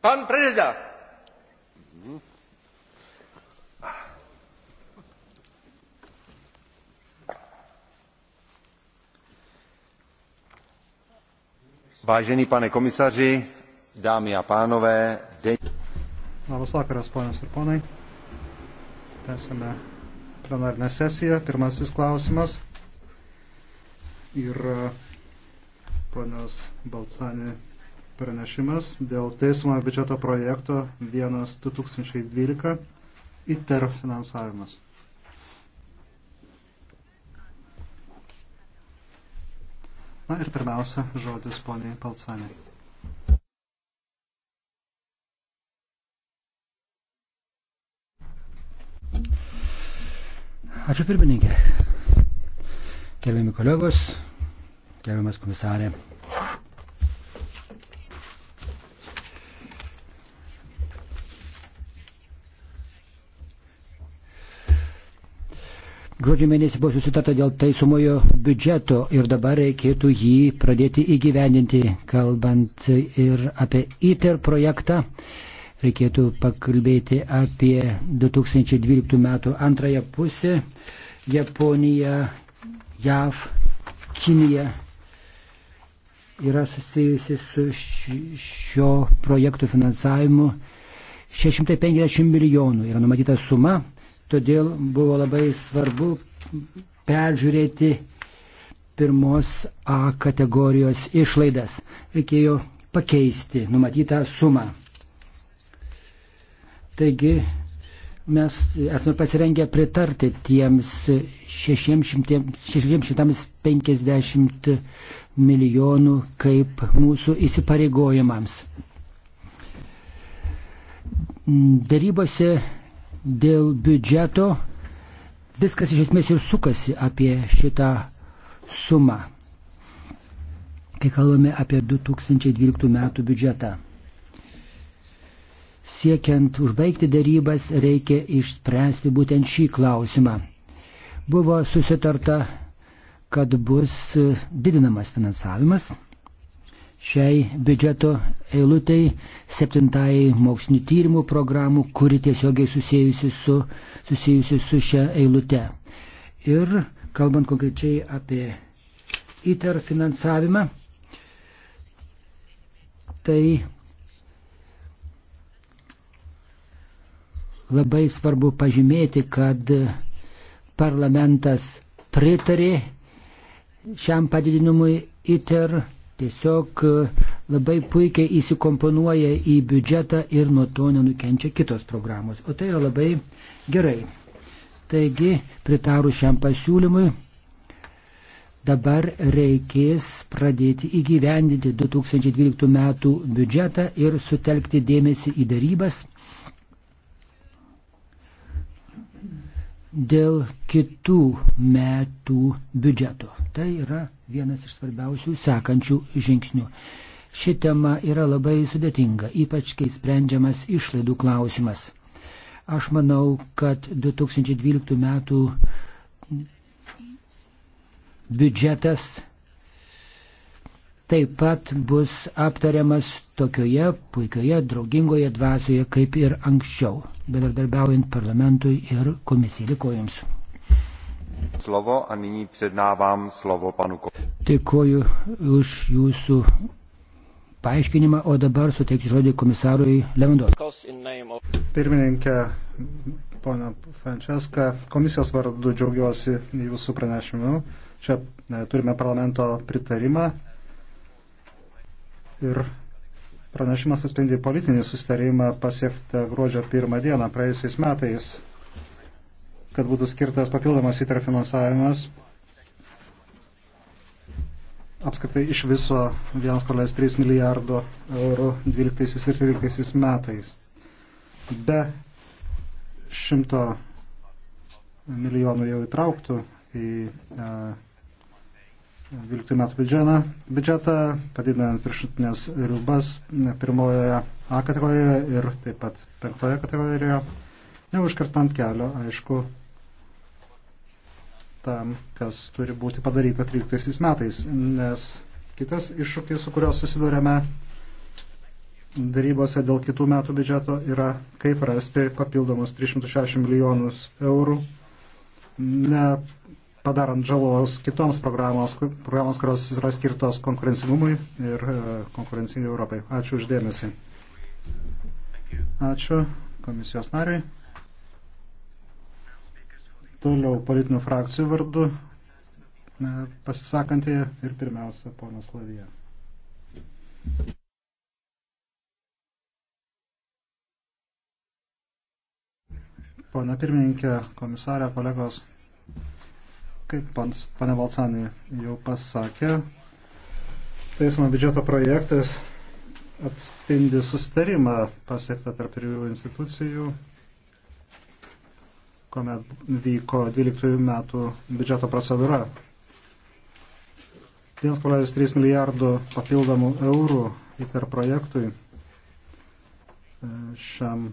Pan prezident. Vážený pane komisaři, dámy a pánové, deň... Labas vakaras, ponios ir ponai. Tęsime plenarinę sesiją. Pirmasis klausimas yra ponios Balcani pranešimas dėl teismo biudžeto projekto 1.2012 ITER finansavimas. Na ir pirmiausia, žodis poniai Palcaniai. Ačiū pirmininkė. Keliami kolegos, gerbiamas komisarė. Gruodžio mėnesį buvo susitarta dėl taisumojo biudžeto ir dabar reikėtų jį pradėti įgyvendinti, kalbant ir apie ITER projektą. Reikėtų pakalbėti apie 2012 metų antrąją pusę. Japonija, JAV, Kinija yra susijusi su šio projektų finansavimu. 650 milijonų yra numatyta suma, todėl buvo labai svarbu peržiūrėti pirmos A kategorijos išlaidas. Reikėjo pakeisti numatytą sumą. Taigi mes esame pasirengę pritarti tiems 650 milijonų kaip mūsų įsipareigojimams. Darybose dėl biudžeto viskas iš esmės ir sukasi apie šitą sumą, kai kalbame apie 2012 metų biudžetą. Siekiant užbaigti darybas reikia išspręsti būtent šį klausimą. Buvo susitarta, kad bus didinamas finansavimas šiai biudžeto eilutai, septintai mokslinio tyrimų programų, kuri tiesiogiai susijusi su, susijusi su šia eilute. Ir kalbant konkrečiai apie ITER finansavimą, tai Labai svarbu pažymėti, kad parlamentas pritarė šiam padidinimui ITER tiesiog labai puikiai įsikomponuoja į biudžetą ir nuo to nenukenčia kitos programos. O tai yra labai gerai. Taigi, pritarus šiam pasiūlymui, dabar reikės pradėti įgyvendinti 2012 metų biudžetą ir sutelkti dėmesį į darybas dėl kitų metų biudžeto. Tai yra vienas iš svarbiausių sekančių žingsnių. Ši tema yra labai sudėtinga, ypač kai sprendžiamas išlaidų klausimas. Aš manau, kad 2012 metų biudžetas taip pat bus aptariamas tokioje puikioje, draugingoje dvasioje kaip ir anksčiau bendradarbiaujant parlamentui ir komisijai. Dėkuoju Jums. Slovo, a nyní předávám slovo panu Dėkuoju už Jūsų paaiškinimą, o dabar suteiksiu žodį komisarui Levandovskiui. Pirmininkė, ponia Frančeska, komisijos vardu džiaugiuosi jūsų pranešimu. Čia e, turime parlamento pritarimą ir Pranešimas atspindi politinį sustarimą pasiektą gruodžio pirmą dieną praėjusiais metais, kad būtų skirtas papildomas įtrafinansavimas apskritai iš viso 1,3 milijardo eurų 12 ir 13 metais. Be 100 milijonų jau įtrauktų į uh, 12 metų biudžetą, biudžetą padidinant viršutinės ribas pirmojoje A kategorijoje ir taip pat penktoje kategorijoje, neužkartant kelio, aišku, tam, kas turi būti padaryta 13 metais, nes kitas iššūkis, su kuriuo susidurėme darybose dėl kitų metų biudžeto, yra kaip rasti papildomus 360 milijonus eurų ne padarant žalos kitoms programos, programos kurios yra skirtos konkurencingumui ir e, konkurencingai Europai. Ačiū uždėmesi. Ačiū komisijos nariui. Toliau politinių frakcijų vardu e, pasisakantį ir pirmiausia ponas Lavija. Pone pirmininkė, komisarė, kolegos. Kaip pane Valsanė jau pasakė, teismo biudžeto projektas atspindi susitarimą pasiektą tarp trijų institucijų, kuomet vyko 12 metų biudžeto procedūra. 1,3 milijardų papildomų eurų ITER projektui e, šiam e,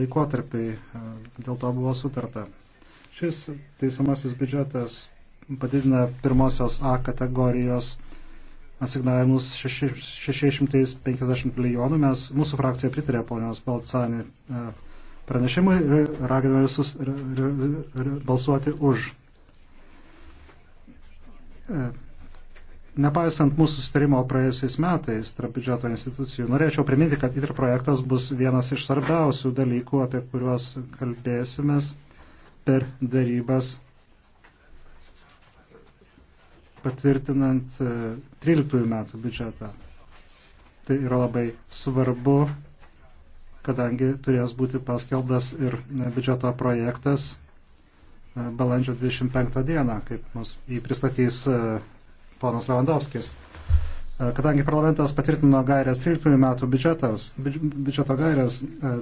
laikotarpiai e, dėl to buvo sutarta. Šis teisomasis biudžetas padidina pirmosios A kategorijos asignavimus 650 milijonų. Mes, mūsų frakcija pritarė ponios Balcani e, pranešimui ir raginame visus balsuoti už. E, nepaisant mūsų sustarimo praėjusiais metais tarp biudžeto institucijų, norėčiau priminti, kad ITR projektas bus vienas iš svarbiausių dalykų, apie kuriuos kalbėsimės per darybas patvirtinant 13 e, metų biudžetą. Tai yra labai svarbu, kadangi turės būti paskelbtas ir e, biudžeto projektas e, balandžio 25 dieną, kaip mus jį pristatys ponas Lewandowskis. Kadangi parlamentas patvirtino gairias 13 metų biudžetas, biudžeto gairias,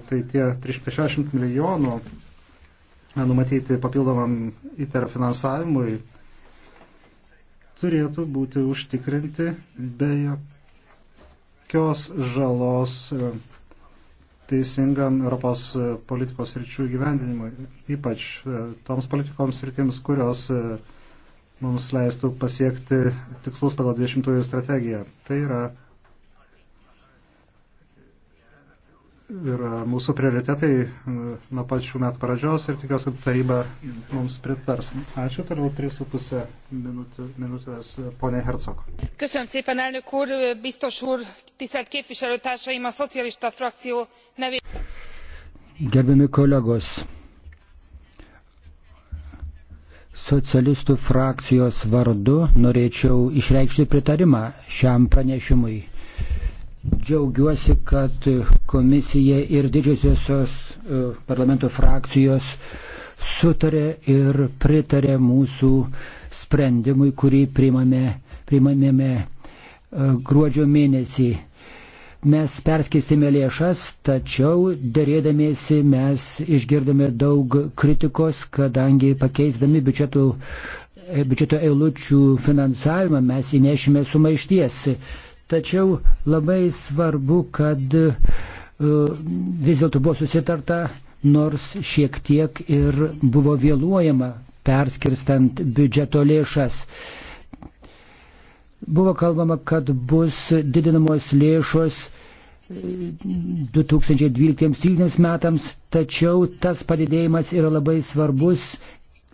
tai tie 360 milijonų numatyti papildomam ITER finansavimui turėtų būti užtikrinti be jokios žalos e, teisingam Europos politikos ryčių gyvendinimui, ypač e, toms politikoms rytims, kurios e, mums leistų pasiekti tikslus pagal 20 strategiją. Tai yra yra mūsų prioritetai e, nuo pačių metų pradžios ir tikiuosi, kad taryba mums pritars. Ačiū, toliau 3,5 minutės e, ponė Hercog. Köszönöm szépen, elnök úr, e, biztos úr, tisztelt képviselőtársaim, a szocialista frakció nevében. Gerbiami kolegos, socialistų frakcijos vardu norėčiau išreikšti pritarimą šiam pranešimui Džiaugiuosi, kad komisija ir didžiosios e, parlamento frakcijos sutarė ir pritarė mūsų sprendimui, kurį priimame, priimame e, gruodžio mėnesį. Mes perskistėme lėšas, tačiau dėrėdamėsi mes išgirdome daug kritikos, kadangi pakeisdami biudžeto, e, biudžeto eilučių finansavimą mes įnešime sumaišties. Tačiau labai svarbu, kad e, vis dėlto buvo susitarta, nors šiek tiek ir buvo vėluojama perskirstant biudžeto lėšas. Buvo kalbama, kad bus didinamos lėšos 2012-2013 e, metams, tačiau tas padidėjimas yra labai svarbus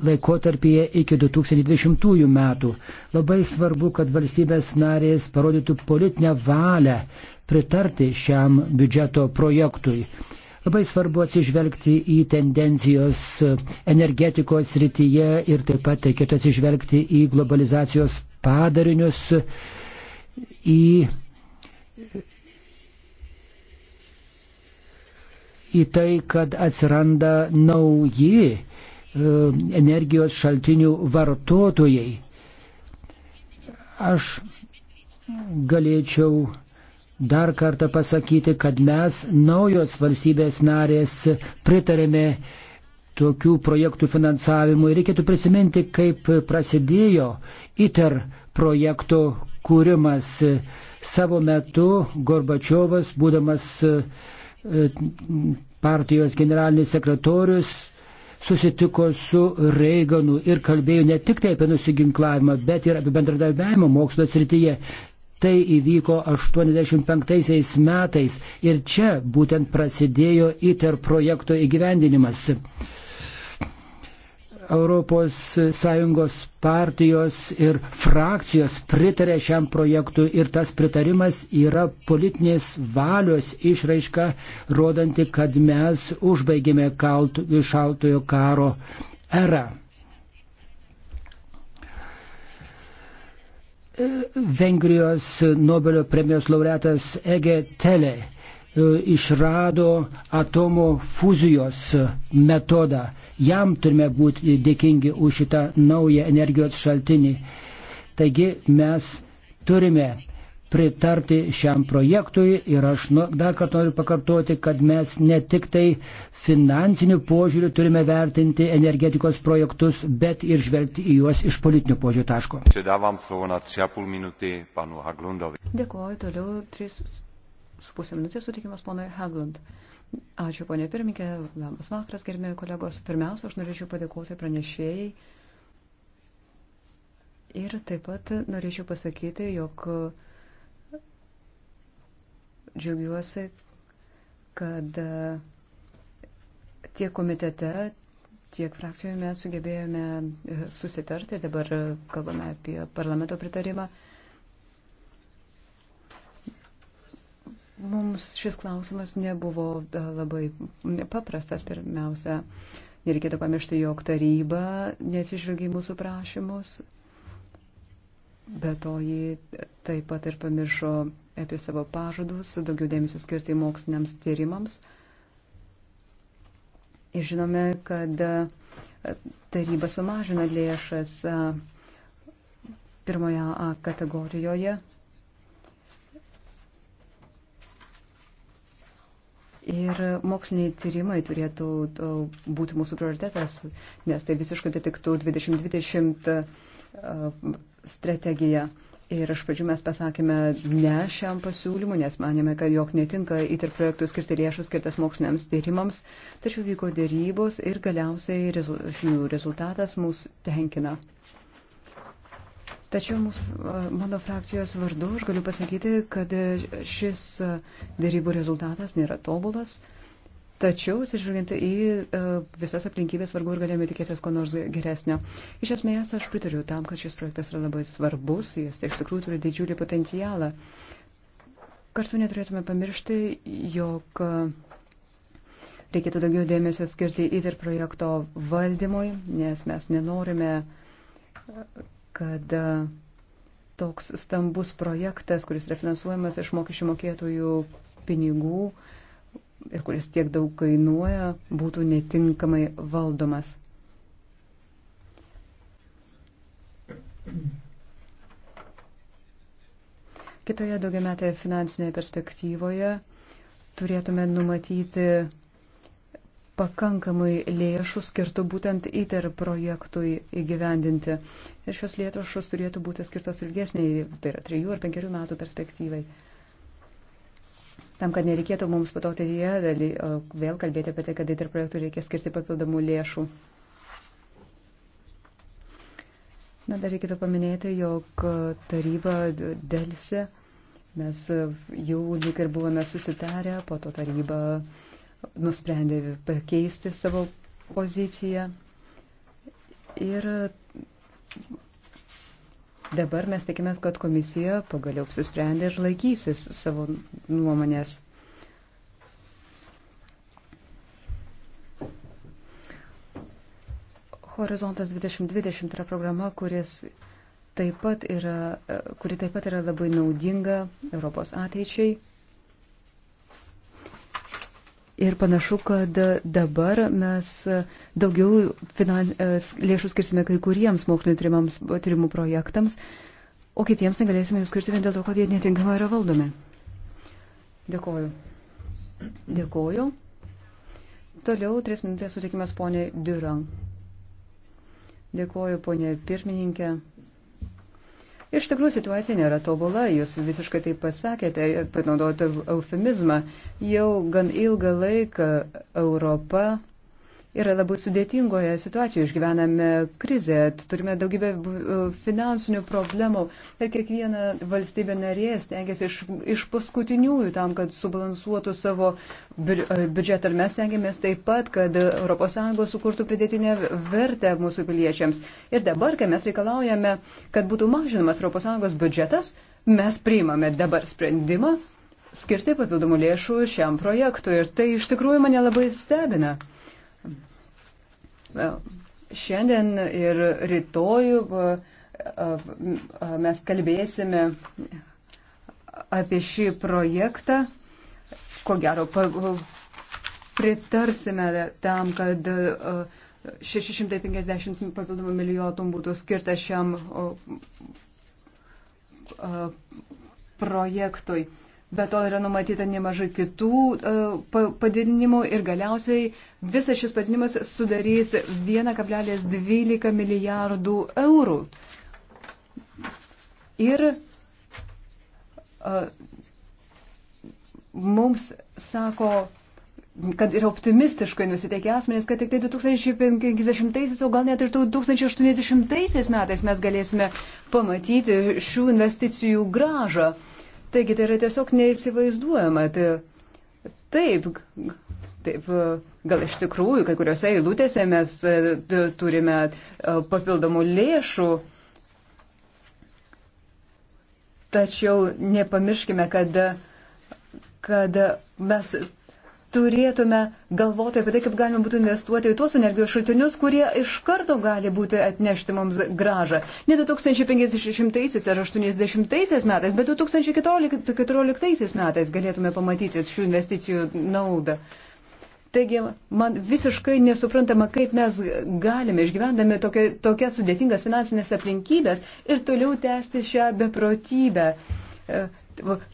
laikotarpyje iki 2020 metų. Labai svarbu, kad valstybės narės parodytų politinę valią pritarti šiam biudžeto projektui. Labai svarbu atsižvelgti į tendencijos energetikos rytyje ir taip pat reikėtų atsižvelgti į globalizacijos padarinius, į, į tai, kad atsiranda nauji E, energijos šaltinių vartotojai. Aš galėčiau dar kartą pasakyti, kad mes naujos valstybės narės pritarėme tokių projektų finansavimui. Reikėtų prisiminti, kaip prasidėjo ITER projektų kūrimas. Savo metu Gorbačiovas, būdamas e, partijos generalinis sekretorius, susitiko su Reiganu ir kalbėjo ne tik tai apie nusiginklavimą, bet ir apie bendradarbiavimą mokslo srityje. Tai įvyko 85 metais ir čia būtent prasidėjo ITER projekto įgyvendinimas. ES partijos ir frakcijos pritarė šiam projektui ir tas pritarimas yra politinės valios išraiška, rodanti, kad mes užbaigėme šaltojo karo erą. Vengrijos Nobelio premijos laureatas Ege Tele E, išrado atomo fuzijos metodą. Jam turime būti dėkingi už šitą naują energijos šaltinį. Taigi mes turime pritarti šiam projektui ir aš nu, dar kartą noriu pakartoti, kad mes ne tik tai finansinių požiūrių turime vertinti energetikos projektus, bet ir žvelgti į juos iš politinių požiūrių taško. Dėkuoju toliau 3 su pusė minutės sutikimas ponui Haglund. Ačiū, ponė pirmininkė, labas vakaras, gerbėjai kolegos. Pirmiausia, aš norėčiau padėkoti pranešėjai. Ir taip pat norėčiau pasakyti, jog džiaugiuosi, kad tiek komitete, tiek frakcijoje mes sugebėjome susitarti. Dabar kalbame apie parlamento pritarimą. Mums šis klausimas nebuvo e, labai paprastas pirmiausia. Nereikėtų pamiršti, jog taryba nesižvelgia į mūsų prašymus, bet to ji taip pat ir pamiršo apie savo pažadus, daugiau dėmesio skirti moksliniams tyrimams. Ir žinome, kad e, taryba sumažina lėšas e, pirmoje A kategorijoje Ir moksliniai tyrimai turėtų būti mūsų prioritetas, nes tai visiškai atitiktų 2020 strategiją. Ir iš pradžių mes pasakėme ne šiam pasiūlymu, nes manėme, kad jog netinka į tarp projektų skirti lėšas skirtas moksliniams tyrimams, tačiau vyko dėrybos ir galiausiai rezu, šių rezultatas mus tenkina. Tačiau mūsų, mano frakcijos vardu aš galiu pasakyti, kad šis dėrybų rezultatas nėra tobulas. Tačiau, atsižvelgiant į visas aplinkybės, vargu ir galėjome tikėtis ko nors geresnio. Iš esmės, aš pritariu tam, kad šis projektas yra labai svarbus, jis iš tikrųjų turi didžiulį potencialą. Kartu neturėtume pamiršti, jog reikėtų daugiau dėmesio skirti įter projekto valdymui, nes mes nenorime kad e, toks stambus projektas, kuris yra finansuojamas iš mokesčių mokėtojų pinigų ir kuris tiek daug kainuoja, būtų netinkamai valdomas. Kitoje daugiametėje finansinėje perspektyvoje turėtume numatyti pakankamai lėšų skirtų būtent ITER projektui įgyvendinti. Ir šios lėšos turėtų būti skirtos ilgesniai, tai yra trijų ar penkerių metų perspektyvai. Tam, kad nereikėtų mums pato ateityje vėl kalbėti apie tai, kad ITER projektui reikia skirti papildomų lėšų. Na, dar reikėtų paminėti, jog taryba dėlse, mes jau lyg ir buvome susitarę, po to taryba uh, nusprendė pakeisti savo poziciją. Ir dabar mes tikimės, kad komisija pagaliau apsisprendė ir laikysis savo nuomonės. Horizontas 2020 yra programa, kuris taip pat yra, kuri taip pat yra labai naudinga Europos ateičiai. Ir panašu, kad dabar mes daugiau finan... E, lėšų skirsime kai kuriems mokslinio tyrimų projektams, o kitiems negalėsime jų skirti vien dėl to, kad jie netinkamai yra valdomi. Dėkoju. Dėkoju. Toliau tris minutės sutikimas ponė Duran. Dėkoju ponė pirmininkė. Iš tikrųjų situacija nėra tobula, jūs visiškai tai pasakėte, panaudojate eufemizmą. Jau gan ilgą laiką Europa yra labai sudėtingoje situacijoje, išgyvename krizę, turime daugybę uh, finansinių problemų ir kiekviena valstybė narė stengiasi iš, iš paskutiniųjų tam, kad subalansuotų savo uh, biudžetą ir mes stengiamės taip pat, kad ES sukurtų pridėtinę vertę mūsų piliečiams. Ir dabar, kai mes reikalaujame, kad būtų mažinamas ES biudžetas, mes priimame dabar sprendimą skirti papildomų lėšų šiam projektui ir tai iš tikrųjų mane labai stebina. Šiandien ir rytojų e, e, mes kalbėsime apie šį projektą. Ko gero, pritarsime tam, kad 650 e, papildomų milijonų būtų skirta šiam projektui. Be to yra numatyta nemažai kitų e, padidinimų ir galiausiai visas šis padidinimas sudarys 1,12 milijardų eurų. Ir e, mums sako, kad yra optimistiškai nusiteikę asmenys, kad tik tai 2050-aisiais, o gal net ir 2080-aisiais metais mes galėsime pamatyti šių investicijų gražą. Taigi tai yra tiesiog neįsivaizduojama. Tai, taip, taip, gal iš tikrųjų, kai kuriuose eilutėse mes e, turime e, papildomų lėšų. Tačiau nepamirškime, kad, kad mes turėtume galvoti apie tai, kaip galima būtų investuoti į tuos energijos šaltinius, kurie iš karto gali būti atnešti mums gražą. Ne 2050 ar 80 metais, bet 2014 metais galėtume pamatyti šių investicijų naudą. Taigi, man visiškai nesuprantama, kaip mes galime, išgyvendami tokia, tokias sudėtingas finansinės aplinkybės, ir toliau tęsti šią beprotybę. Uh,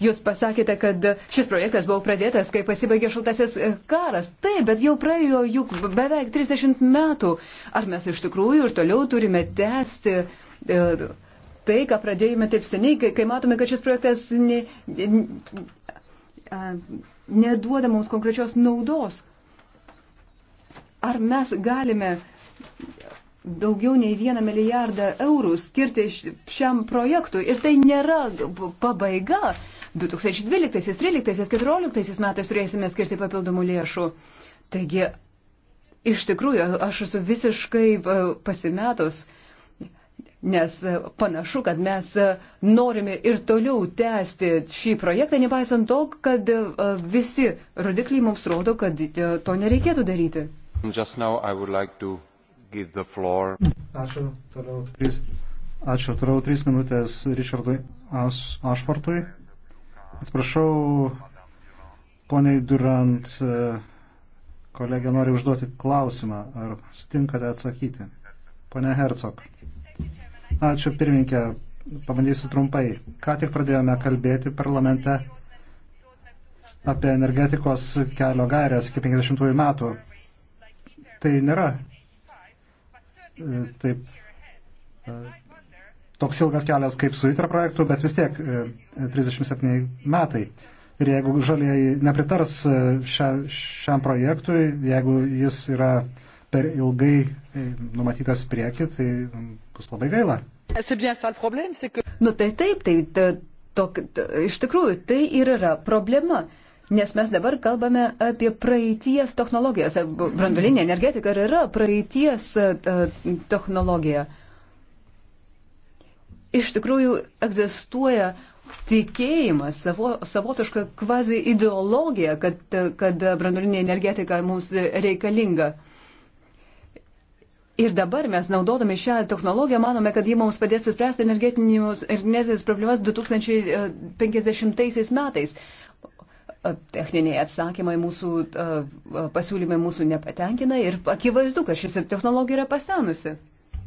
Jūs pasakėte, kad šis projektas buvo pradėtas, kai pasibaigė šaltasis e, karas. Taip, bet jau praėjo juk beveik 30 metų. Ar mes iš tikrųjų ir toliau turime tęsti e, tai, ką pradėjome taip seniai, kai, kai matome, kad šis projektas ne, ne, neduoda mums konkrečios naudos? Ar mes galime daugiau nei vieną milijardą eurų skirti šiam projektui. Ir tai nėra pabaiga. 2012, 2013, 2014 metais turėsime skirti papildomų lėšų. Taigi, iš tikrųjų, aš esu visiškai e, pasimetus, nes e, panašu, kad mes e, norime ir toliau tęsti šį projektą, nepaisant to, kad visi rodikliai mums rodo, kad to nereikėtų daryti. Just now I would like to give the floor. Ačiū. Toliau trys, ačiū. Toliau trys minutės Richardui As, Ašvartui. Atsiprašau, poniai Durant, e, kolegė nori užduoti klausimą. Ar sutinkate atsakyti? Pone Hercog. Ačiū pirmininkė. Pabandysiu trumpai. Ką tik pradėjome kalbėti parlamente apie energetikos kelio gairias iki 50 metų. Tai nėra taip e, toks ilgas kelias kaip su ITRA projektu, bet vis tiek 37 e, metai. Ir jeigu žalieji nepritars e, šia, šiam projektui, jeigu jis yra per ilgai numatytas prieki, tai bus labai gaila. Nu tai taip, tai to, to, iš tikrųjų tai ir yra problema. Nes mes dabar kalbame apie praeities technologijas. Brandulinė energetika yra praeities e, e, technologija. Iš tikrųjų egzistuoja tikėjimas, savo, savotiška kvazi ideologija, kad, e, kad brandulinė energetika mums reikalinga. Ir dabar mes, naudodami šią technologiją, manome, kad ji mums padės spręsti energetinės problemas 2050 metais techniniai atsakymai mūsų pasiūlymai mūsų nepatenkina ir akivaizdu, kad šis technologija yra pasenusi.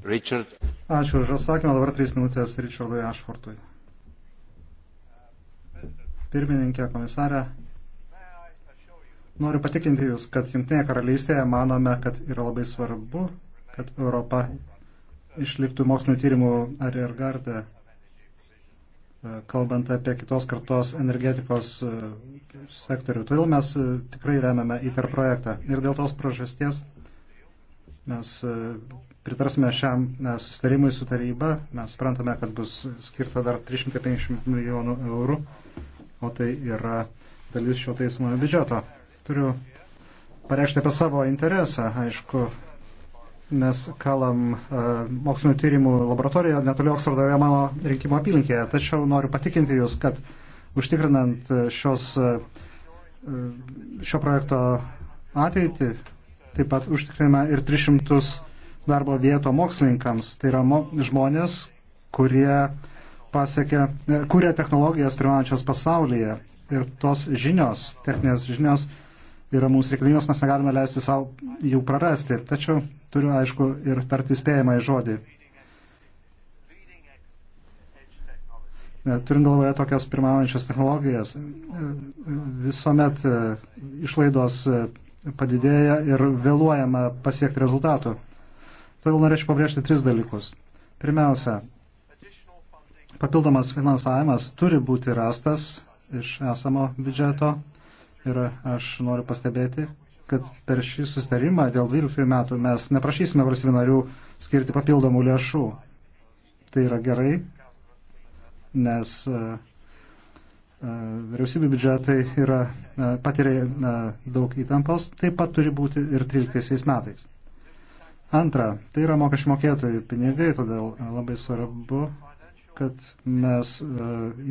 Richard. Ačiū už atsakymą, dabar trys minutės Richardui Ašfortui. Pirmininkė, komisarė, noriu patikinti Jūs, kad Junktinėje karalystėje manome, kad yra labai svarbu, kad Europa išliktų mokslinio tyrimų ar ir gardę E, kalbant apie kitos kartos energetikos e, sektorių. Todėl mes e, tikrai remiame ITER projektą. Ir dėl tos priežasties mes pritarsime šiam sustarimui su taryba. Mes suprantame, kad bus skirta dar 350 milijonų eurų, o tai yra dalis šio teismo biudžeto. Turiu pareikšti apie savo interesą, aišku, nes Kalam e, mokslinio tyrimų laboratorija netoli Oksfordo yra mano rinkimo apylinkėje. Tačiau noriu patikinti Jūs, kad užtikrinant šios, e, šio projekto ateitį, taip pat užtikriname ir 300 darbo vieto mokslininkams. Tai yra mo, žmonės, kurie pasiekė, e, kūrė technologijas pirmaujančias pasaulyje. Ir tos žinios, techninės žinios, yra mums reikalingos, mes negalime leisti savo jų prarasti. Tačiau turiu, aišku, ir tarti įspėjimą į žodį. Turint galvoje tokias pirmaujančias technologijas, visuomet e, išlaidos e, padidėja ir vėluojama pasiekti rezultatų. Todėl norėčiau pabrėžti tris dalykus. Pirmiausia, papildomas finansavimas turi būti rastas iš esamo biudžeto Ir aš noriu pastebėti, kad per šį sustarimą dėl 12 metų mes neprašysime valstybių narių skirti papildomų lėšų. Tai yra gerai, nes e, e, vyriausybių biudžetai yra, e, patiria daug įtampos, taip pat turi būti ir 13 metais. Antra, tai yra mokesčių mokėtojų pinigai, todėl labai svarbu, kad mes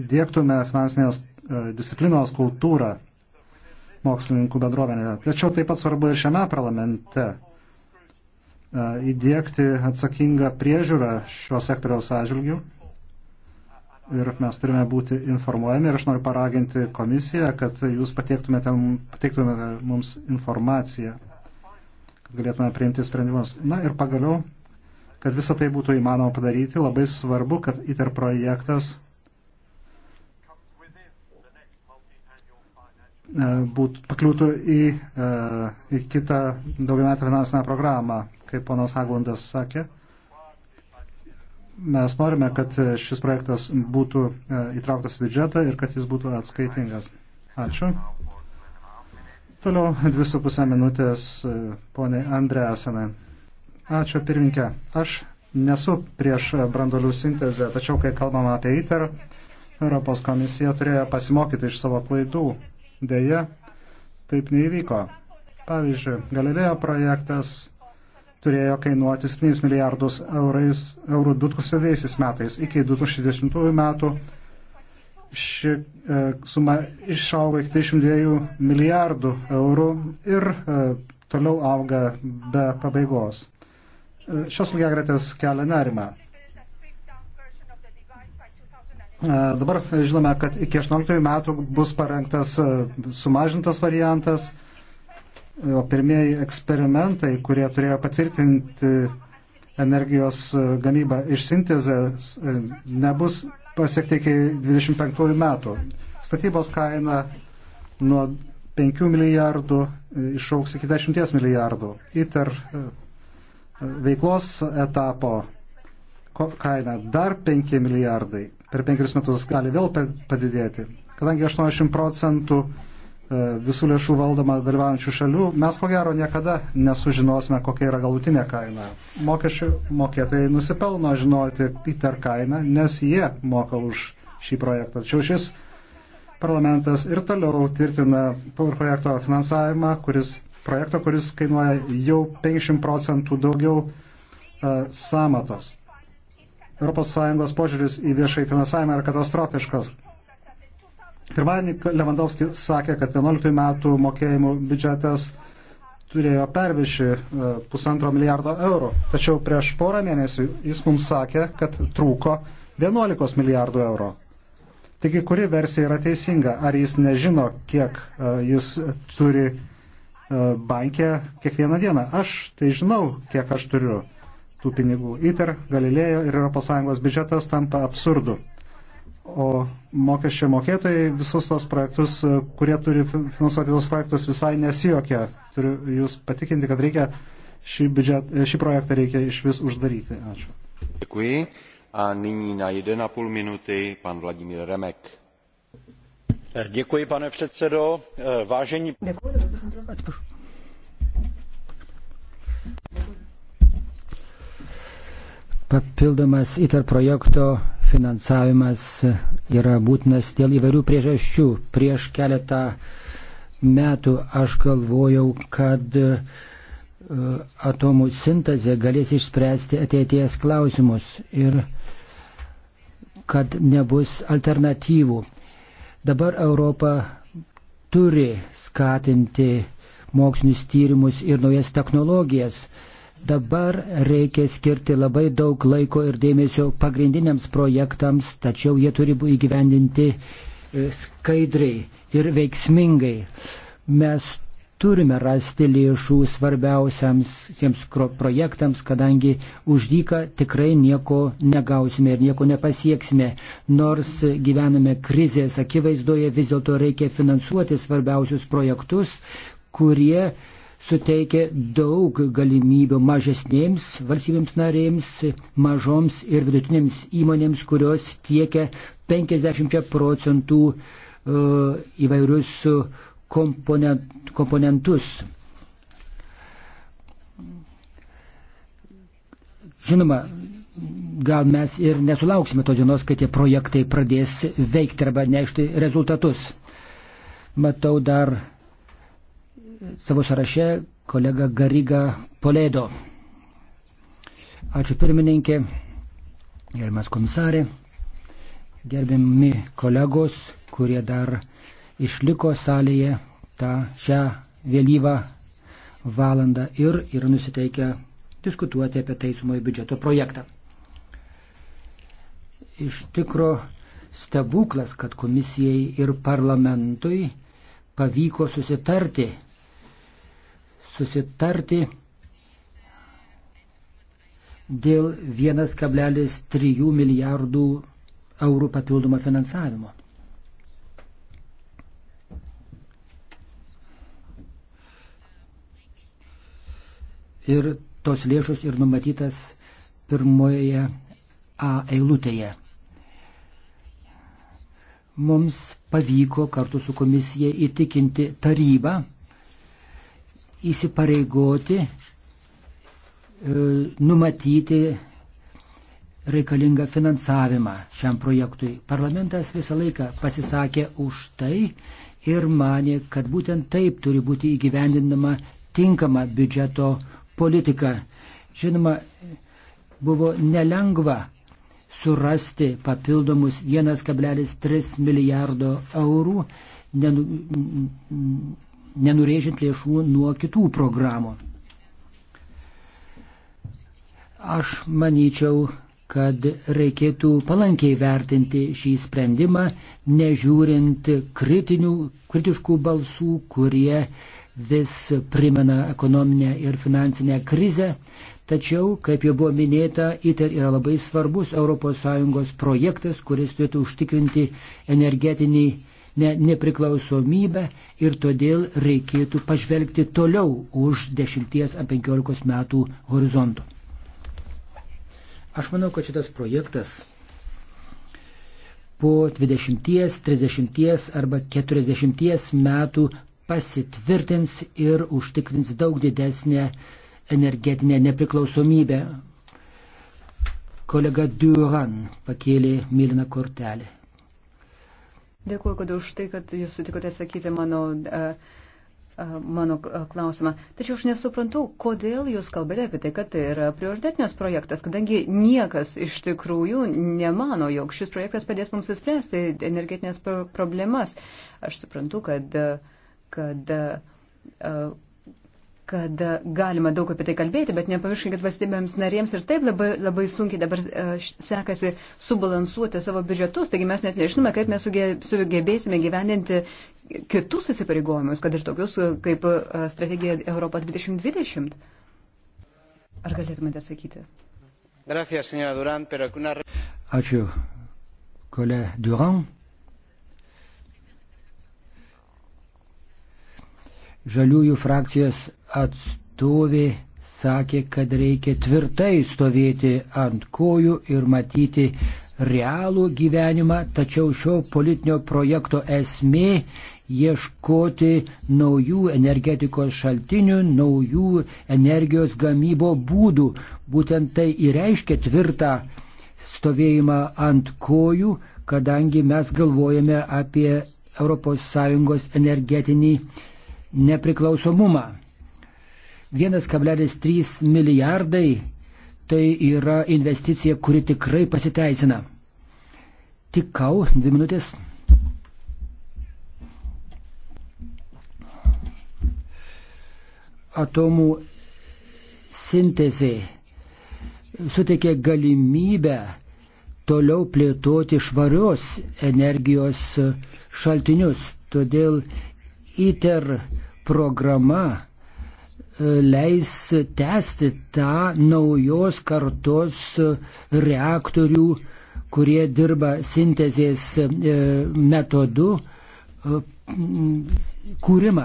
įdėktume finansinės disciplinos kultūrą mokslininkų bendruomenėje. Tačiau taip pat svarbu ir šiame parlamente e, įdėkti atsakingą priežiūrą šio sektoriaus atžvilgių. Ir mes turime būti informuojami ir aš noriu paraginti komisiją, kad jūs pateiktumėte, pateiktumėte mums informaciją, kad galėtume priimti sprendimus. Na ir pagaliau, kad visą tai būtų įmanoma padaryti, labai svarbu, kad ITER projektas E, būtų, pakliūtų į, e, į kitą daugiametę finansinę programą, kaip ponas Haglundas sakė. Mes norime, kad šis projektas būtų e, įtrauktas į biudžetą ir kad jis būtų atskaitingas. Ačiū. Toliau dvi su pusę minutės poniai Andreasenai. Ačiū pirminkė. Aš nesu prieš brandolių sintezę, tačiau kai kalbam apie ITER, Europos komisija turėjo pasimokyti iš savo klaidų Deja, taip neįvyko. Pavyzdžiui, Galilėjo projektas turėjo kainuoti 7 milijardus eurais, eurų 2000 metais. Iki 2010 metų ši e, suma išaugo iki 32 milijardų eurų ir e, toliau auga be pabaigos. E, šios lygiagretės kelia nerimą. E, dabar žinome, kad iki 18 metų bus parengtas e, sumažintas variantas, e, o pirmieji eksperimentai, kurie turėjo patvirtinti energijos gamybą iš sintezės, nebus pasiekti iki 25 metų. Statybos kaina nuo 5 milijardų išauks iki 10 milijardų. ITER veiklos etapo kaina dar 5 milijardai per penkerius metus gali vėl padidėti. Kadangi 80 procentų e, visų lėšų valdoma dalyvaujančių šalių, mes ko gero niekada nesužinosime, kokia yra galutinė kaina. Mokesčių mokėtojai nusipelno žinoti Peter kainą, nes jie moka už šį projektą. Tačiau šis parlamentas ir toliau tvirtina projekto finansavimą, kuris, projekto, kuris kainuoja jau 50 procentų daugiau uh, e, samatos. ES požiūris į viešai finansavimą yra katastrofiškas. Pirmadienį Levandovski sakė, kad 11 metų mokėjimų biudžetas turėjo pervišį e, pusantro milijardo eurų. Tačiau prieš porą mėnesių jis mums sakė, kad trūko 11 milijardų eurų. Taigi, kuri versija yra teisinga? Ar jis nežino, kiek e, jis turi e, bankė kiekvieną dieną? Aš tai žinau, kiek aš turiu tų pinigų. ITER, Galilėjo ir ES biudžetas tampa absurdu. O mokesčio mokėtojai visus tos projektus, e, kurie turi finansuoti tos projektus, visai nesijokia. Turiu Jūs patikinti, kad reikia šį, biudžet, e, šį projektą reikia iš vis uždaryti. Ačiū. Děkuji. A nyní na 1,5 minuty pan Vladimír Remek. Eh, děkuji, pane předsedo. Eh, vážení... Děkuji, Papildomas ITER projekto finansavimas yra būtinas dėl įvairių priežasčių. Prieš keletą metų aš galvojau, kad e, atomų sintezė galės išspręsti ateities klausimus ir kad nebus alternatyvų. Dabar Europa turi skatinti mokslinius tyrimus ir naujas technologijas Dabar reikia skirti labai daug laiko ir dėmesio pagrindiniams projektams, tačiau jie turi būti įgyvendinti e, skaidriai ir veiksmingai. Mes turime rasti lėšų svarbiausiams tiems projektams, kadangi už dyką tikrai nieko negausime ir nieko nepasieksime. Nors gyvename krizės akivaizdoje, vis dėlto reikia finansuoti svarbiausius projektus, kurie suteikia daug galimybių mažesnėms valstybėms narėms, mažoms ir vidutinėms įmonėms, kurios tiekia 50 procentų e, įvairius komponentus. Žinoma, gal mes ir nesulauksime tos dienos, kai tie projektai pradės veikti arba nešti rezultatus. Matau dar savo sąraše kolega Gariga Polėdo. Ačiū pirmininkė, gerbiamas komisarė, gerbiami kolegos, kurie dar išliko salėje tą šią vėlyvą valandą ir yra nusiteikę diskutuoti apie teismojo biudžeto projektą. Iš tikro stebuklas, kad komisijai ir parlamentui pavyko susitarti susitarti dėl 1,3 milijardų eurų papildomo finansavimo. Ir tos lėšos ir numatytas pirmoje A eilutėje. Mums pavyko kartu su komisija įtikinti tarybą įsipareigoti, e, numatyti reikalingą finansavimą šiam projektui. Parlamentas visą laiką pasisakė už tai ir manė, kad būtent taip turi būti įgyvendinama tinkama biudžeto politika. Žinoma, buvo nelengva surasti papildomus 1,3 milijardo eurų, nenurėžint lėšų nuo kitų programų. Aš manyčiau, kad reikėtų palankiai vertinti šį sprendimą, nežiūrint kritinių, kritiškų balsų, kurie vis primena ekonominę ir finansinę krizę. Tačiau, kaip jau buvo minėta, ITER yra labai svarbus ES projektas, kuris turėtų užtikrinti energetinį ne, nepriklausomybę ir todėl reikėtų pažvelgti toliau už 10-15 metų horizonto. Aš manau, kad šitas projektas po 20, 30 arba 40 metų pasitvirtins ir užtikrins daug didesnę energetinę nepriklausomybę. Kolega Duran pakėlė myliną kortelę. Dėkuoju, kad už tai, kad jūs sutikote atsakyti mano, e, e, mano e, klausimą. Tačiau aš nesuprantu, kodėl jūs kalbate apie tai, kad tai yra prioritetinės projektas, kadangi niekas iš tikrųjų nemano, jog šis projektas padės mums įspręsti energetinės problemas. Aš suprantu, kad, kad kad galima daug apie tai kalbėti, bet nepamirškime, kad valstybėms narėms ir taip labai, labai sunkiai dabar e, sekasi subalansuoti savo biudžetus, taigi mes net nežinome, kaip mes sugebėsime gyveninti kitus įsipareigojimus, kad ir tokius e, kaip e, strategija Europa 2020. Ar galėtumėte sakyti? Gracias, señora Durán, pero una... Ačiū, kolegė Durán. Žaliųjų frakcijos atstovė sakė, kad reikia tvirtai stovėti ant kojų ir matyti realų gyvenimą, tačiau šio politinio projekto esmė ieškoti naujų energetikos šaltinių, naujų energijos gamybo būdų. Būtent tai įreiškia tvirtą stovėjimą ant kojų, kadangi mes galvojame apie ES energetinį nepriklausomumą. 1,3 milijardai tai yra investicija, kuri tikrai pasiteisina. Tikau, dvi minutės. Atomų sintezė suteikia galimybę toliau plėtoti švarios energijos šaltinius. Todėl ITER programa leis tęsti tą naujos kartos reaktorių, kurie dirba sintezės e, metodu, e, kūrimą.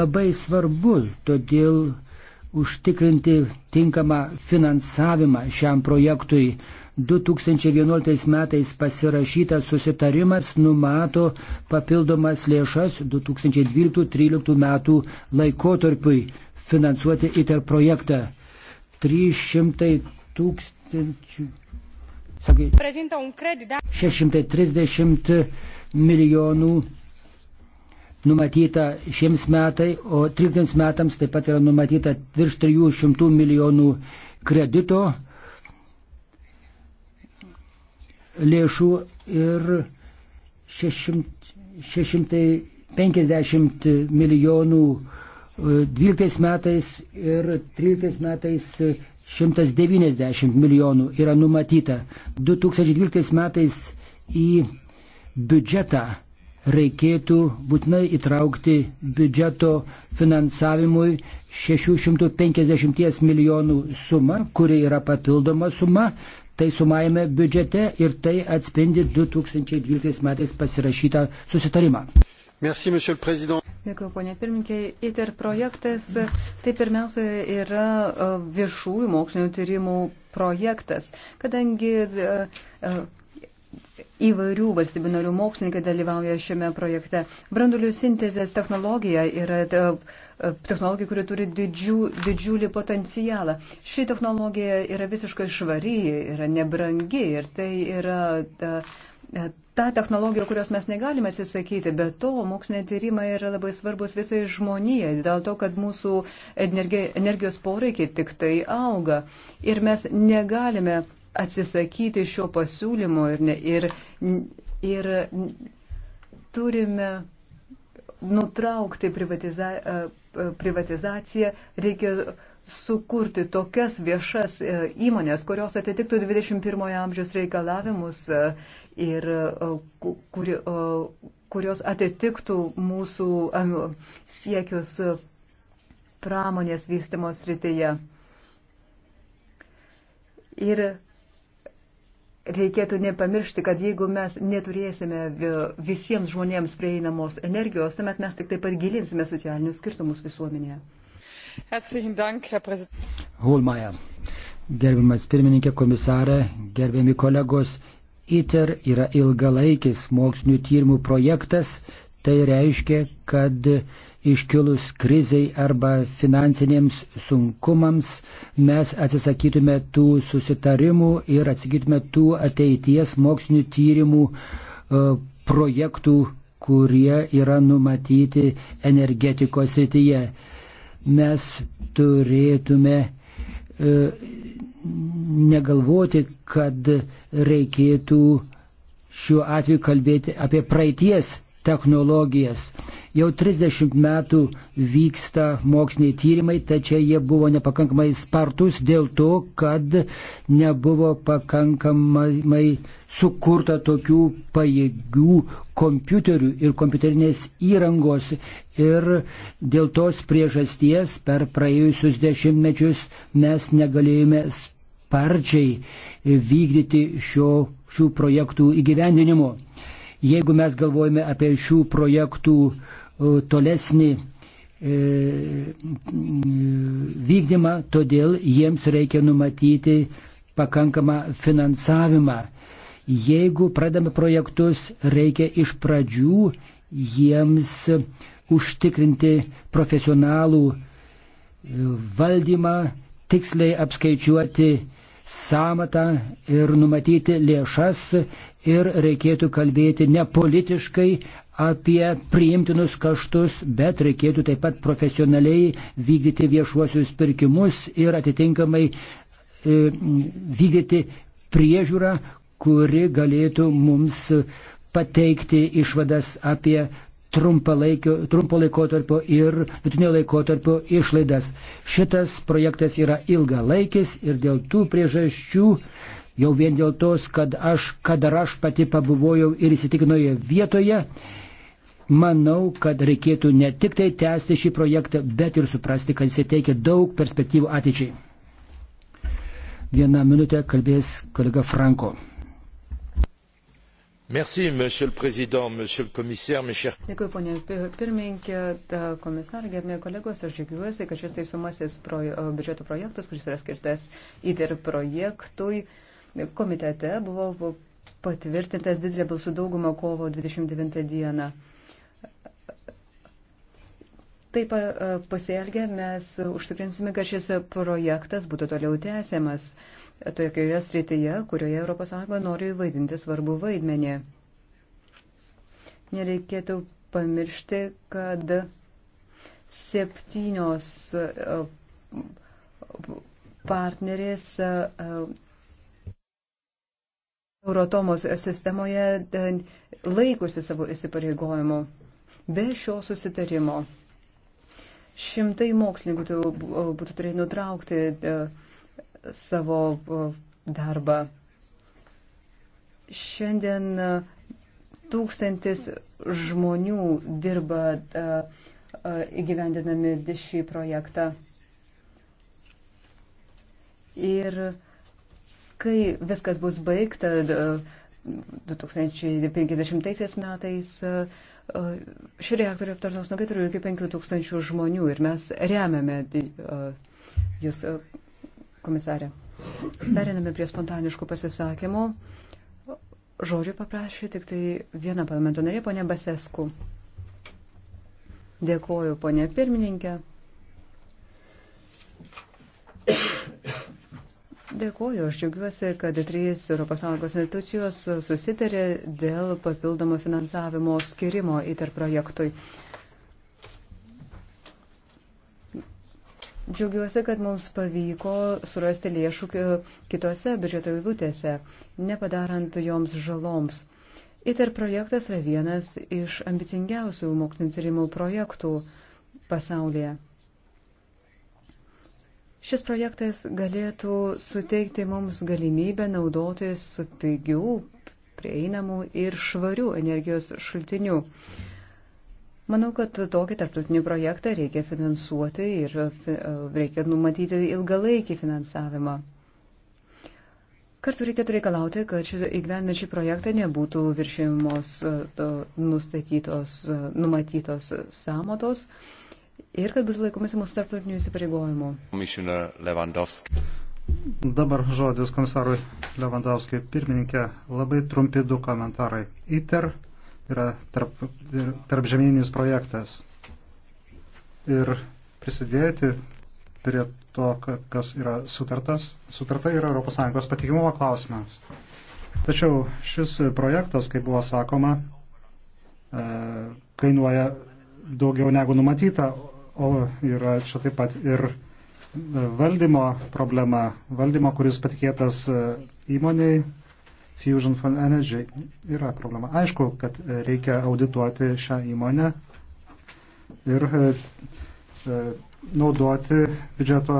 Labai svarbu todėl užtikrinti tinkamą finansavimą šiam projektui. 2011 metais pasirašytas susitarimas numato papildomas lėšas 2012-2013 metų laikotarpiui finansuoti ITER projektą. 300 tūkstančių. Sakai, 630 milijonų numatyta šiems metai, o 13 metams taip pat yra numatyta virš 300 milijonų kredito lėšų ir 600, 650 milijonų 12 metais ir 13 metais 190 milijonų yra numatyta. 2012 metais į biudžetą reikėtų būtinai įtraukti biudžeto finansavimui 650 milijonų sumą, kuri yra papildoma suma, tai sumajame biudžete ir tai atspindi 2012 metais pasirašytą susitarimą. Merci, Dėkui, ponė pirmininkė. ITER projektas tai pirmiausia yra e, viešųjų mokslinio tyrimų projektas, kadangi e, e, įvairių valstybių narių mokslininkai dalyvauja šiame projekte. Brandulių sintezės technologija yra technologija, kuri turi didžių, didžiulį potencialą. Ši technologija yra visiškai švari, yra nebrangi ir tai yra. Ta, E, ta technologija, kurios mes negalime atsisakyti, bet to moksliniai tyrimai yra labai svarbus visai žmonijai, dėl to, kad mūsų energijos poreikiai tik tai auga. Ir mes negalime atsisakyti šio pasiūlymo ir, ne, ir, ir turime nutraukti privatiza, e, e, privatizaciją, reikia sukurti tokias viešas įmonės, kurios atitiktų 21 amžiaus reikalavimus ir e, kuri, e, kurios atitiktų mūsų e, siekius pramonės vystimo srityje. Ir reikėtų nepamiršti, kad jeigu mes neturėsime visiems žmonėms prieinamos energijos, tuomet mes tik taip pat gilinsime socialinius skirtumus visuomenėje. Holmaja, gerbiamas pirmininkė komisarė, gerbiami kolegos, ITER yra ilgalaikis mokslinių tyrimų projektas, tai reiškia, kad iškilus kriziai arba finansinėms sunkumams mes atsisakytume tų susitarimų ir atsisakytume tų ateities mokslinių tyrimų e, projektų, kurie yra numatyti energetikos srityje. Mes turėtume e, negalvoti, kad reikėtų šiuo atveju kalbėti apie praeities technologijas. Jau 30 metų vyksta moksliniai tyrimai, tačiau jie buvo nepakankamai spartus dėl to, kad nebuvo pakankamai sukurta tokių pajėgių kompiuterių ir kompiuterinės įrangos. Ir dėl tos priežasties per praėjusius dešimtmečius mes negalėjome spartus sparčiai vykdyti šio, šių projektų įgyvendinimo. Jeigu mes galvojame apie šių projektų e, tolesnį e, vykdymą, todėl jiems reikia numatyti pakankamą finansavimą. Jeigu pradame projektus, reikia iš pradžių jiems užtikrinti profesionalų e, valdymą, tiksliai apskaičiuoti samatą ir numatyti lėšas ir reikėtų kalbėti ne politiškai apie priimtinus kaštus, bet reikėtų taip pat profesionaliai vykdyti viešuosius pirkimus ir atitinkamai e, vykdyti priežiūrą, kuri galėtų mums pateikti išvadas apie trumpo laikotarpio ir vidutinio laikotarpio išlaidas. Šitas projektas yra ilgalaikis ir dėl tų priežasčių, jau vien dėl tos, kad aš, kad ar aš pati pabuvojau ir įsitikinoje vietoje, manau, kad reikėtų ne tik tai tęsti šį projektą, bet ir suprasti, kad jis teikia daug perspektyvų ateičiai. Vieną minutę kalbės kolega Franko. Merci, monsieur le président, monsieur le commissaire, mes chers. Dėkui, ponė pirmininkė, komisarė, gerbėjai kolegos, aš džiaugiuosi, kad šis teisomasis proje, biudžeto projektas, kuris yra skirtas ITER projektui, komitete buvo patvirtintas didelė balsų dauguma kovo 29 dieną. Taip pasielgę mes užtikrinsime, kad šis projektas būtų toliau tęsiamas tokioje srityje, kurioje ES nori vaidinti svarbu vaidmenį. Nereikėtų pamiršti, kad septynios e, partnerės e, Eurotomos sistemoje e, laikosi savo įsipareigojimų. Be šio susitarimo šimtai mokslininkų būtų turėję nutraukti uh, savo e, darbą. Šiandien e, tūkstantis žmonių dirba e, įgyvendinami šį projektą. Ir kai viskas bus baigta 2050 metais, šį reaktorių aptarnaus nuo 4 iki 5 tūkstančių žmonių ir mes remiame jūs komisarė. Periname prie spontaniškų pasisakymų. Žodžio paprašė tik tai viena parlamento narė, ponė Basesku. Dėkoju, ponė pirmininkė. Dėkuoju, aš džiaugiuosi, kad trys ES institucijos susitarė dėl papildomo finansavimo skirimo įter projektui. Džiaugiuosi, kad mums pavyko surasti lėšų kitose biudžeto eilutėse, nepadarant joms žaloms. ITER projektas yra vienas iš ambicingiausių mokslinio tyrimų projektų pasaulyje. Šis projektas galėtų suteikti mums galimybę naudotis pigių, prieinamų ir švarių energijos šaltinių. Manau, kad tokį tarptautinį projektą reikia finansuoti ir e, reikia numatyti ilgalaikį finansavimą. Kartu reikėtų reikalauti, kad įgyvendinant šį projektą nebūtų viršimos e, nustatytos, e, numatytos sąmatos ir kad būtų laikomasi mūsų tarptautinių įsipareigojimų. Dabar žodis komisarui Levandovskijui. Pirmininkė, labai trumpi du komentarai. ITER yra tarp, tarp žemyninis projektas. Ir prisidėti prie to, kas yra sutartas, sutarta yra ES patikimumo klausimas. Tačiau šis projektas, kaip buvo sakoma, e, kainuoja daugiau negu numatyta, o yra čia taip pat ir valdymo problema, valdymo, kuris patikėtas e, įmoniai Fusion Fund Energy yra problema. Aišku, kad reikia audituoti šią įmonę ir e, e, naudoti biudžeto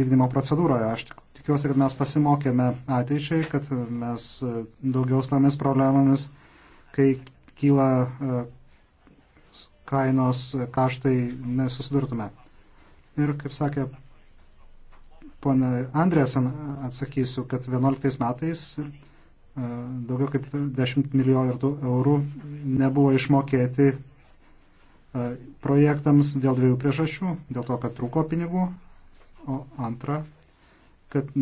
vykdymo procedūroje. Aš tikiuosi, kad mes pasimokėme ateičiai, kad mes e, daugiau tomis problemomis, kai kyla kainos kaštai, nesusidurtume. Ir kaip sakė ponė Andresen, atsakysiu, kad 11 metais E, daugiau kaip 10 milijardų eurų nebuvo išmokėti e, projektams dėl dviejų priežasčių. Dėl to, kad trūko pinigų, o antra, kad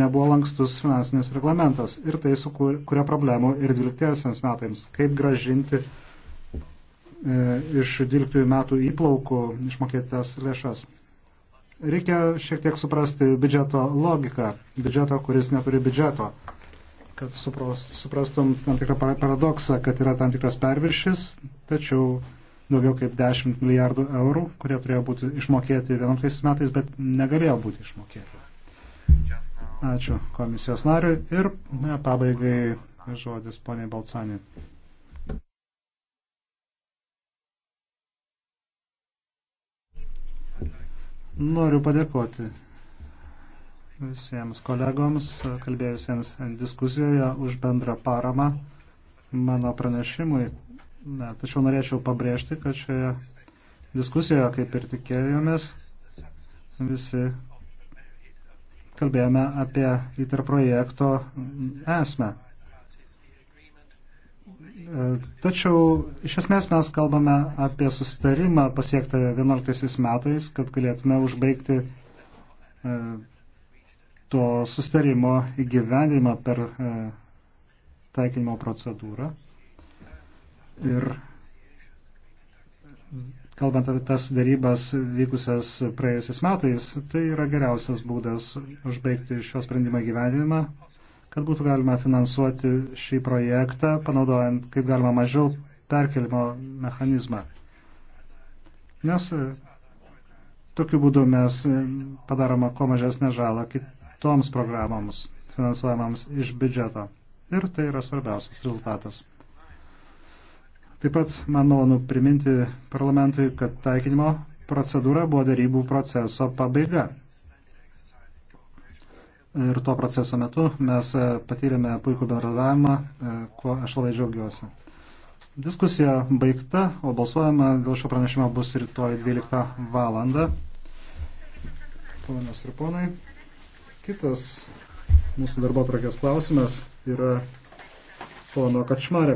nebuvo lankstus finansinis reglamentas. Ir tai sukuria problemų ir 12 metams. Kaip gražinti e, iš 12 metų įplaukų išmokėtas lėšas. Reikia šiek tiek suprasti biudžeto logiką. Biudžeto, kuris neturi biudžeto kad supros, suprastum tam tikrą paradoksą, kad yra tam tikras perviršis, tačiau daugiau kaip 10 milijardų eurų, kurie turėjo būti išmokėti 11 metais, bet negalėjo būti išmokėti. Ačiū komisijos nariui ir ne, pabaigai žodis poniai Balcanė. Noriu padėkoti visiems kolegoms, kalbėjusiems diskusijoje už bendrą paramą mano pranešimui. Na, tačiau norėčiau pabrėžti, kad šioje diskusijoje, kaip ir tikėjomės, visi kalbėjome apie ITER projekto esmę. Tačiau iš esmės mes kalbame apie susitarimą pasiektą 11 metais, kad galėtume užbaigti e, to sustarimo įgyvendinimą per e, taikinimo procedūrą. Ir kalbant apie tas darybas vykusias praėjusiais metais, tai yra geriausias būdas užbaigti šio sprendimo gyvenimą, kad būtų galima finansuoti šį projektą, panaudojant kaip galima mažiau perkelimo mechanizmą. Nes e, tokiu būdu mes e, padaroma kuo mažesnę žalą kit, toms programoms finansuojamams iš biudžeto. Ir tai yra svarbiausias rezultatas. Taip pat man malonu priminti parlamentui, kad taikinimo procedūra buvo darybų proceso pabaiga. Ir to proceso metu mes e, patyrėme puikų bendradavimą, e, kuo aš labai džiaugiuosi. Diskusija baigta, o balsuojama dėl šio pranešimo bus rytoj 12 valandą. Ponas ir ponai. Kitas mūsų darbo trakės klausimas yra pono Kačmarek